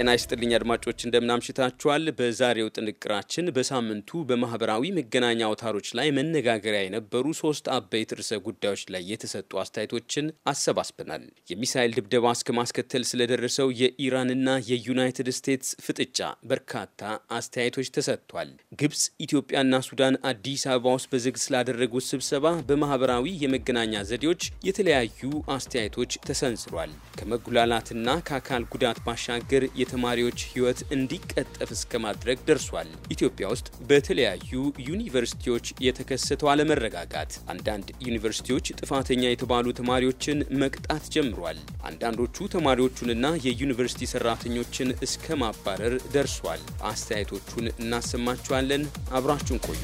ጤና ይስጥልኝ አድማጮች፣ እንደምናምሽታችኋል። በዛሬው ጥንቅራችን በሳምንቱ በማህበራዊ መገናኛ አውታሮች ላይ መነጋገሪያ የነበሩ ሶስት አበይት ርዕሰ ጉዳዮች ላይ የተሰጡ አስተያየቶችን አሰባስበናል። የሚሳይል ድብደባ እስከ ማስከተል ስለደረሰው የኢራንና የዩናይትድ ስቴትስ ፍጥጫ በርካታ አስተያየቶች ተሰጥቷል። ግብጽ፣ ኢትዮጵያና ሱዳን አዲስ አበባ ውስጥ በዝግ ስላደረጉት ስብሰባ በማህበራዊ የመገናኛ ዘዴዎች የተለያዩ አስተያየቶች ተሰንዝሯል። ከመጉላላትና ከአካል ጉዳት ባሻገር የተማሪዎች ሕይወት እንዲቀጠፍ እስከ ማድረግ ደርሷል። ኢትዮጵያ ውስጥ በተለያዩ ዩኒቨርሲቲዎች የተከሰተው አለመረጋጋት አንዳንድ ዩኒቨርሲቲዎች ጥፋተኛ የተባሉ ተማሪዎችን መቅጣት ጀምሯል። አንዳንዶቹ ተማሪዎቹንና የዩኒቨርሲቲ ሰራተኞችን እስከ ማባረር ደርሷል። አስተያየቶቹን እናሰማችኋለን። አብራችሁን ቆዩ።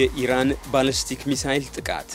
የኢራን ባለስቲክ ሚሳይል ጥቃት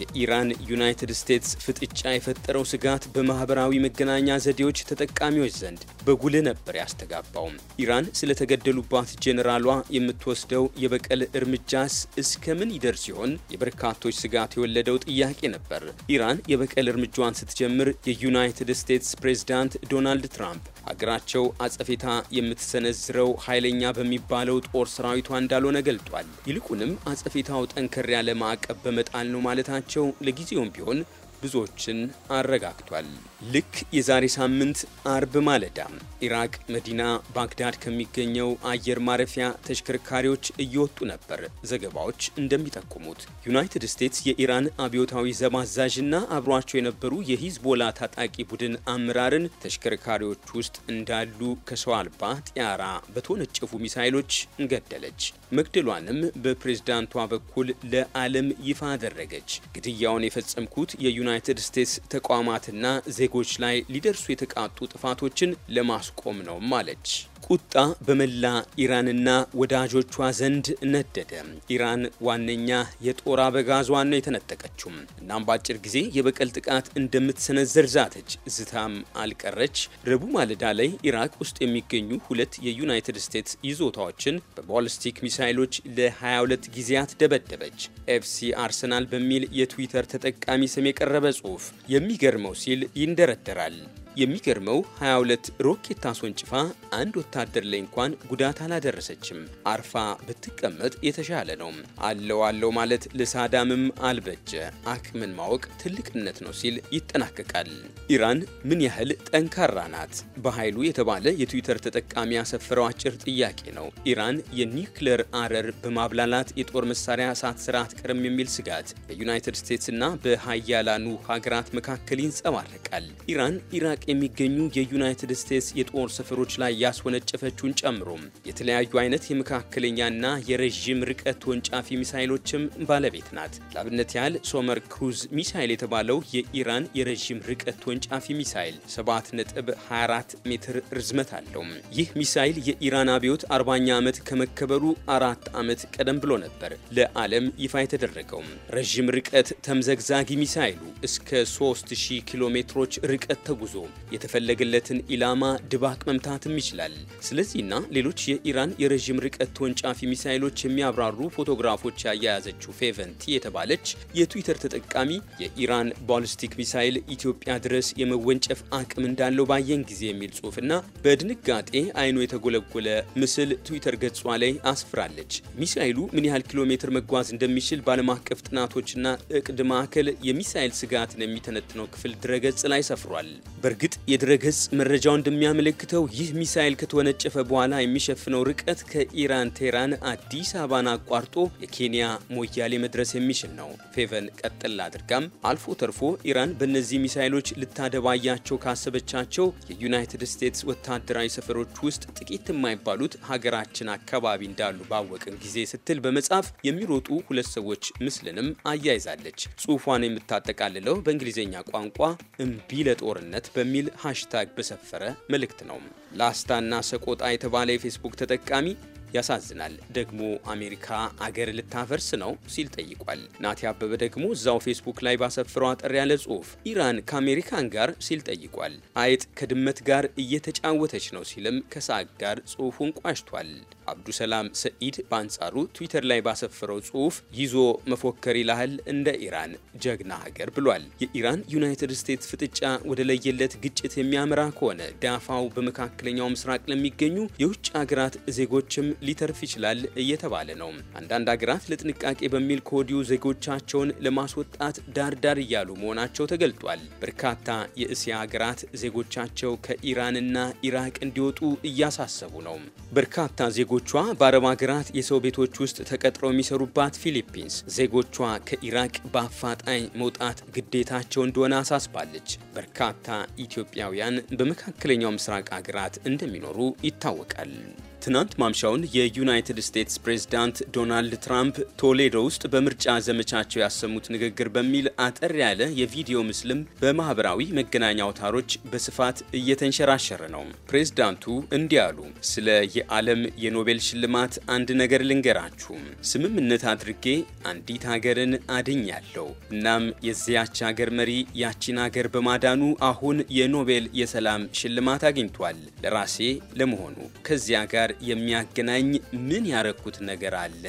የኢራን ዩናይትድ ስቴትስ ፍጥጫ የፈጠረው ስጋት በማህበራዊ መገናኛ ዘዴዎች ተጠቃሚዎች ዘንድ በጉል ነበር ያስተጋባውም። ኢራን ስለተገደሉባት ጄኔራሏ የምትወስደው የበቀል እርምጃስ እስከምን ይደርስ ሲሆን የበርካቶች ስጋት የወለደው ጥያቄ ነበር። ኢራን የበቀል እርምጃዋን ስትጀምር የዩናይትድ ስቴትስ ፕሬዝዳንት ዶናልድ ትራምፕ ሀገራቸው አጸፌታ የምትሰነዝረው ኃይለኛ በሚባለው ጦር ሰራዊቷ እንዳልሆነ ገልጧል። ይልቁንም አጸፌታው ጠንከር ያለ ማዕቀብ በመጣል ነው ማለታቸው ለጊዜውም ቢሆን ብዙዎችን አረጋግቷል። ልክ የዛሬ ሳምንት አርብ ማለዳ ኢራቅ መዲና ባግዳድ ከሚገኘው አየር ማረፊያ ተሽከርካሪዎች እየወጡ ነበር። ዘገባዎች እንደሚጠቁሙት ዩናይትድ ስቴትስ የኢራን አብዮታዊ ዘብ አዛዥና አብሯቸው የነበሩ የሂዝቦላ ታጣቂ ቡድን አመራርን ተሽከርካሪዎች ውስጥ እንዳሉ ከሰው አልባ ጥያራ በተወነጨፉ ሚሳይሎች ገደለች። መግደሏንም በፕሬዝዳንቷ በኩል ለዓለም ይፋ አደረገች። ግድያውን የፈጸምኩት የዩናይትድ ስቴትስ ተቋማትና ዜጎች ላይ ሊደርሱ የተቃጡ ጥፋቶችን ለማስቆም ነውም አለች። ቁጣ በመላ ኢራንና ወዳጆቿ ዘንድ ነደደ። ኢራን ዋነኛ የጦር አበጋዟን ነው የተነጠቀችውም። እናም በአጭር ጊዜ የበቀል ጥቃት እንደምትሰነዘር ዛተች። ዝታም አልቀረች። ረቡዕ ማለዳ ላይ ኢራቅ ውስጥ የሚገኙ ሁለት የዩናይትድ ስቴትስ ይዞታዎችን በባሊስቲክ ሚሳይሎች ለ22 ጊዜያት ደበደበች። ኤፍሲ አርሰናል በሚል የትዊተር ተጠቃሚ ስም የቀረበ ጽሑፍ የሚገርመው ሲል ይህን ይንደረደራል። የሚገርመው 22 ሮኬት አስወንጭፋ አንድ ወታደር ላይ እንኳን ጉዳት አላደረሰችም። አርፋ ብትቀመጥ የተሻለ ነው። አለው አለው ማለት ለሳዳምም አልበጀ። አቅምን ማወቅ ትልቅነት ነው ሲል ይጠናቀቃል። ኢራን ምን ያህል ጠንካራ ናት? በኃይሉ የተባለ የትዊተር ተጠቃሚ ያሰፈረው አጭር ጥያቄ ነው። ኢራን የኒውክሌር አረር በማብላላት የጦር መሳሪያ ስርዓት አትቀርም የሚል ስጋት በዩናይትድ ስቴትስና በሀያላኑ ሀገራት መካከል ይንጸባረቃል። ኢራን ኢራቅ የሚገኙ የዩናይትድ ስቴትስ የጦር ሰፈሮች ላይ ያስወነጨፈችውን ጨምሮ የተለያዩ አይነት የመካከለኛና የረዥም ርቀት ወንጫፊ ሚሳይሎችም ባለቤት ናት። ለአብነት ያህል ሶመር ክሩዝ ሚሳይል የተባለው የኢራን የረዥም ርቀት ወንጫፊ ሚሳይል 7.24 ሜትር ርዝመት አለው። ይህ ሚሳይል የኢራን አብዮት 40ኛ ዓመት ከመከበሩ አራት ዓመት ቀደም ብሎ ነበር ለዓለም ይፋ የተደረገው። ረዥም ርቀት ተምዘግዛጊ ሚሳይሉ እስከ 3000 ኪሎ ሜትሮች ርቀት ተጉዞ የተፈለገለትን ኢላማ ድባቅ መምታትም ይችላል። ስለዚህና ሌሎች የኢራን የረዥም ርቀት ተወንጫፊ ሚሳይሎች የሚያብራሩ ፎቶግራፎች ያያያዘችው ፌቨንቲ የተባለች የትዊተር ተጠቃሚ የኢራን ባሊስቲክ ሚሳይል ኢትዮጵያ ድረስ የመወንጨፍ አቅም እንዳለው ባየን ጊዜ የሚል ጽሑፍና በድንጋጤ አይኑ የተጎለጎለ ምስል ትዊተር ገጿ ላይ አስፍራለች። ሚሳይሉ ምን ያህል ኪሎ ሜትር መጓዝ እንደሚችል በዓለም አቀፍ ጥናቶችና እቅድ ማዕከል የሚሳይል ስጋትን የሚተነትነው ክፍል ድረገጽ ላይ ሰፍሯል። በእርግጥ የድረገጽ መረጃው እንደሚያመለክተው ይህ ሚሳኤል ከተወነጨፈ በኋላ የሚሸፍነው ርቀት ከኢራን ቴራን አዲስ አበባን አቋርጦ የኬንያ ሞያሌ መድረስ የሚችል ነው። ፌቨን ቀጥል አድርጋም አልፎ ተርፎ ኢራን በእነዚህ ሚሳኤሎች ልታደባያቸው ካሰበቻቸው የዩናይትድ ስቴትስ ወታደራዊ ሰፈሮች ውስጥ ጥቂት የማይባሉት ሀገራችን አካባቢ እንዳሉ ባወቅን ጊዜ ስትል በመጻፍ የሚሮጡ ሁለት ሰዎች ምስልንም አያይዛለች። ጽሁፏን የምታጠቃልለው በእንግሊዝኛ ቋንቋ እምቢ ለጦርነት በ በሚል ሃሽታግ በሰፈረ መልእክት ነው። ላስታና ሰቆጣ የተባለ የፌስቡክ ተጠቃሚ ያሳዝናል። ደግሞ አሜሪካ አገር ልታፈርስ ነው ሲል ጠይቋል። ናቲ አበበ ደግሞ እዛው ፌስቡክ ላይ ባሰፍረው አጠር ያለ ጽሁፍ ኢራን ከአሜሪካን ጋር ሲል ጠይቋል። አይጥ ከድመት ጋር እየተጫወተች ነው ሲልም ከሳቅ ጋር ጽሁፉን ቋጭቷል። አብዱሰላም ሰኢድ በአንጻሩ ትዊተር ላይ ባሰፈረው ጽሁፍ ይዞ መፎከር ይላህል እንደ ኢራን ጀግና ሀገር ብሏል። የኢራን ዩናይትድ ስቴትስ ፍጥጫ ወደ ለየለት ግጭት የሚያመራ ከሆነ ዳፋው በመካከለኛው ምስራቅ ለሚገኙ የውጭ ሀገራት ዜጎችም ሊተርፍ ይችላል እየተባለ ነው። አንዳንድ ሀገራት ለጥንቃቄ በሚል ከወዲሁ ዜጎቻቸውን ለማስወጣት ዳርዳር እያሉ መሆናቸው ተገልጧል። በርካታ የእስያ ሀገራት ዜጎቻቸው ከኢራንና ኢራቅ እንዲወጡ እያሳሰቡ ነው። በርካታ ዜጎቿ በአረብ ሀገራት የሰው ቤቶች ውስጥ ተቀጥረው የሚሰሩባት ፊሊፒንስ ዜጎቿ ከኢራቅ በአፋጣኝ መውጣት ግዴታቸው እንደሆነ አሳስባለች። በርካታ ኢትዮጵያውያን በመካከለኛው ምስራቅ ሀገራት እንደሚኖሩ ይታወቃል። ትናንት ማምሻውን የዩናይትድ ስቴትስ ፕሬዝዳንት ዶናልድ ትራምፕ ቶሌዶ ውስጥ በምርጫ ዘመቻቸው ያሰሙት ንግግር በሚል አጠር ያለ የቪዲዮ ምስልም በማህበራዊ መገናኛ አውታሮች በስፋት እየተንሸራሸረ ነው። ፕሬዝዳንቱ እንዲህ አሉ። ስለ የዓለም የኖቤል ሽልማት አንድ ነገር ልንገራችሁ። ስምምነት አድርጌ አንዲት ሀገርን አድኛለሁ። እናም የዚያች ሀገር መሪ ያቺን ሀገር በማዳኑ አሁን የኖቤል የሰላም ሽልማት አግኝቷል። ለራሴ ለመሆኑ ከዚያ ጋር ጋር የሚያገናኝ ምን ያረኩት ነገር አለ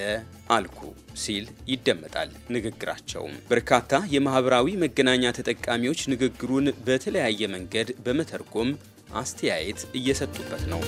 አልኩ ሲል ይደመጣል ንግግራቸውም። በርካታ የማህበራዊ መገናኛ ተጠቃሚዎች ንግግሩን በተለያየ መንገድ በመተርጎም አስተያየት እየሰጡበት ነው።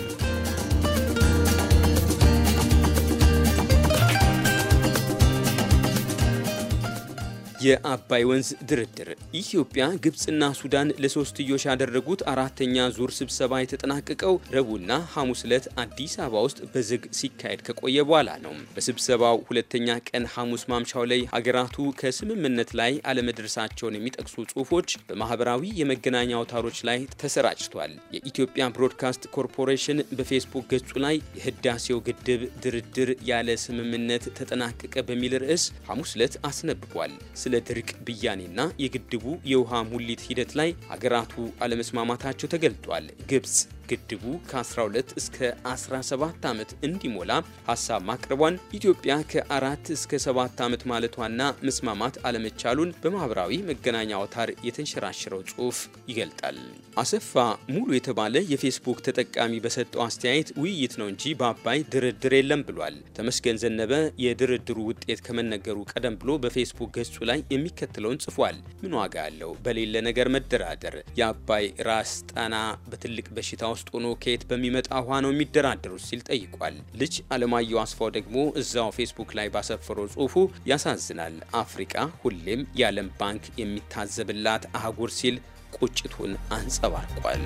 የአባይ ወንዝ ድርድር ኢትዮጵያ፣ ግብፅና ሱዳን ለሶስትዮሽ ያደረጉት አራተኛ ዙር ስብሰባ የተጠናቀቀው ረቡዕና ሐሙስ ዕለት አዲስ አበባ ውስጥ በዝግ ሲካሄድ ከቆየ በኋላ ነው። በስብሰባው ሁለተኛ ቀን ሐሙስ ማምሻው ላይ ሀገራቱ ከስምምነት ላይ አለመድረሳቸውን የሚጠቅሱ ጽሑፎች በማህበራዊ የመገናኛ አውታሮች ላይ ተሰራጭቷል። የኢትዮጵያ ብሮድካስት ኮርፖሬሽን በፌስቡክ ገጹ ላይ የህዳሴው ግድብ ድርድር ያለ ስምምነት ተጠናቀቀ በሚል ርዕስ ሐሙስ ዕለት አስነብቧል። ስለ ድርቅ ብያኔና የግድቡ የውሃ ሙሊት ሂደት ላይ ሀገራቱ አለመስማማታቸው ተገልጧል። ግብጽ ግድቡ ከ12 እስከ 17 ዓመት እንዲሞላ ሀሳብ ማቅረቧን ኢትዮጵያ ከአራት እስከ ሰባት ዓመት ማለቷና መስማማት አለመቻሉን በማህበራዊ መገናኛ አውታር የተንሸራሸረው ጽሑፍ ይገልጣል። አሰፋ ሙሉ የተባለ የፌስቡክ ተጠቃሚ በሰጠው አስተያየት ውይይት ነው እንጂ በአባይ ድርድር የለም ብሏል። ተመስገን ዘነበ የድርድሩ ውጤት ከመነገሩ ቀደም ብሎ በፌስቡክ ገጹ ላይ የሚከተለውን ጽፏል። ምን ዋጋ አለው በሌለ ነገር መደራደር? የአባይ ራስ ጣና በትልቅ በሽታ ውስጥ ሆኖ ከየት በሚመጣ ውሃ ነው የሚደራደሩት ሲል ጠይቋል። ልጅ አለማየሁ አስፋው ደግሞ እዛው ፌስቡክ ላይ ባሰፈረው ጽሁፉ ያሳዝናል፣ አፍሪቃ ሁሌም የዓለም ባንክ የሚታዘብላት አህጉር ሲል ቁጭቱን አንጸባርቋል።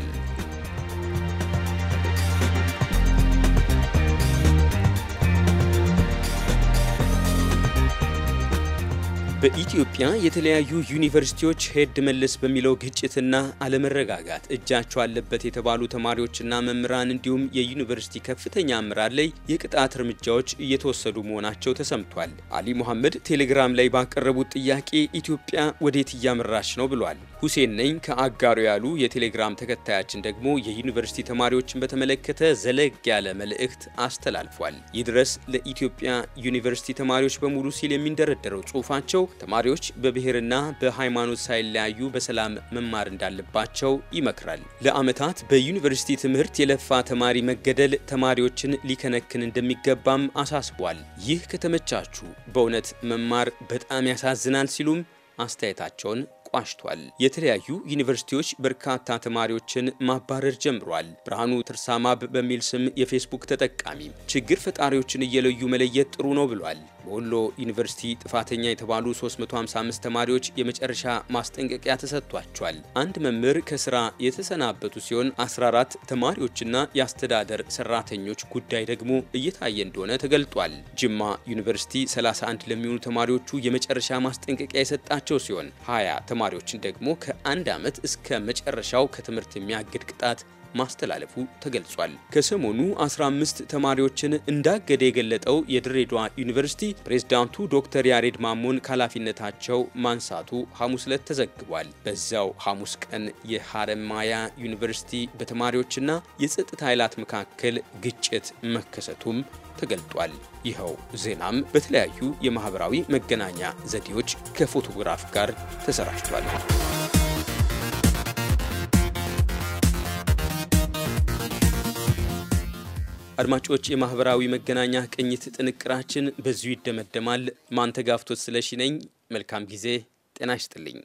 በኢትዮጵያ የተለያዩ ዩኒቨርሲቲዎች ሄድ መለስ በሚለው ግጭትና አለመረጋጋት እጃቸው አለበት የተባሉ ተማሪዎችና መምህራን እንዲሁም የዩኒቨርሲቲ ከፍተኛ አመራር ላይ የቅጣት እርምጃዎች እየተወሰዱ መሆናቸው ተሰምቷል። አሊ ሙሐመድ ቴሌግራም ላይ ባቀረቡት ጥያቄ ኢትዮጵያ ወዴት እያመራች ነው ብሏል። ሁሴን ነኝ ከአጋሩ ያሉ የቴሌግራም ተከታያችን ደግሞ የዩኒቨርሲቲ ተማሪዎችን በተመለከተ ዘለግ ያለ መልእክት አስተላልፏል። ድረስ ለኢትዮጵያ ዩኒቨርሲቲ ተማሪዎች በሙሉ ሲል የሚንደረደረው ጽሑፋቸው ተማሪዎች በብሔርና በሃይማኖት ሳይለያዩ በሰላም መማር እንዳለባቸው ይመክራል። ለዓመታት በዩኒቨርሲቲ ትምህርት የለፋ ተማሪ መገደል ተማሪዎችን ሊከነክን እንደሚገባም አሳስቧል። ይህ ከተመቻችሁ በእውነት መማር በጣም ያሳዝናል ሲሉም አስተያየታቸውን ቋሽቷል። የተለያዩ ዩኒቨርሲቲዎች በርካታ ተማሪዎችን ማባረር ጀምሯል። ብርሃኑ ትርሳማብ በሚል ስም የፌስቡክ ተጠቃሚ ችግር ፈጣሪዎችን እየለዩ መለየት ጥሩ ነው ብሏል። በወሎ ዩኒቨርሲቲ ጥፋተኛ የተባሉ 355 ተማሪዎች የመጨረሻ ማስጠንቀቂያ ተሰጥቷቸዋል። አንድ መምህር ከስራ የተሰናበቱ ሲሆን 14 ተማሪዎችና የአስተዳደር ሰራተኞች ጉዳይ ደግሞ እየታየ እንደሆነ ተገልጧል። ጅማ ዩኒቨርሲቲ 31 ለሚሆኑ ተማሪዎቹ የመጨረሻ ማስጠንቀቂያ የሰጣቸው ሲሆን 20 ተማሪዎችን ደግሞ ከአንድ ዓመት እስከ መጨረሻው ከትምህርት የሚያግድ ቅጣት ማስተላለፉ ተገልጿል። ከሰሞኑ 15 ተማሪዎችን እንዳገደ የገለጠው የድሬዳዋ ዩኒቨርሲቲ ፕሬዝዳንቱ ዶክተር ያሬድ ማሞን ከኃላፊነታቸው ማንሳቱ ሐሙስ ዕለት ተዘግቧል። በዛው ሐሙስ ቀን የሐረማያ ዩኒቨርሲቲ በተማሪዎችና የጸጥታ ኃይላት መካከል ግጭት መከሰቱም ተገልጧል። ይኸው ዜናም በተለያዩ የማህበራዊ መገናኛ ዘዴዎች ከፎቶግራፍ ጋር ተሰራጭቷል። አድማጮች፣ የማህበራዊ መገናኛ ቅኝት ጥንቅራችን በዚሁ ይደመደማል። ማንተጋፍቶት ስለሺ ነኝ። መልካም ጊዜ። ጤና ይስጥልኝ።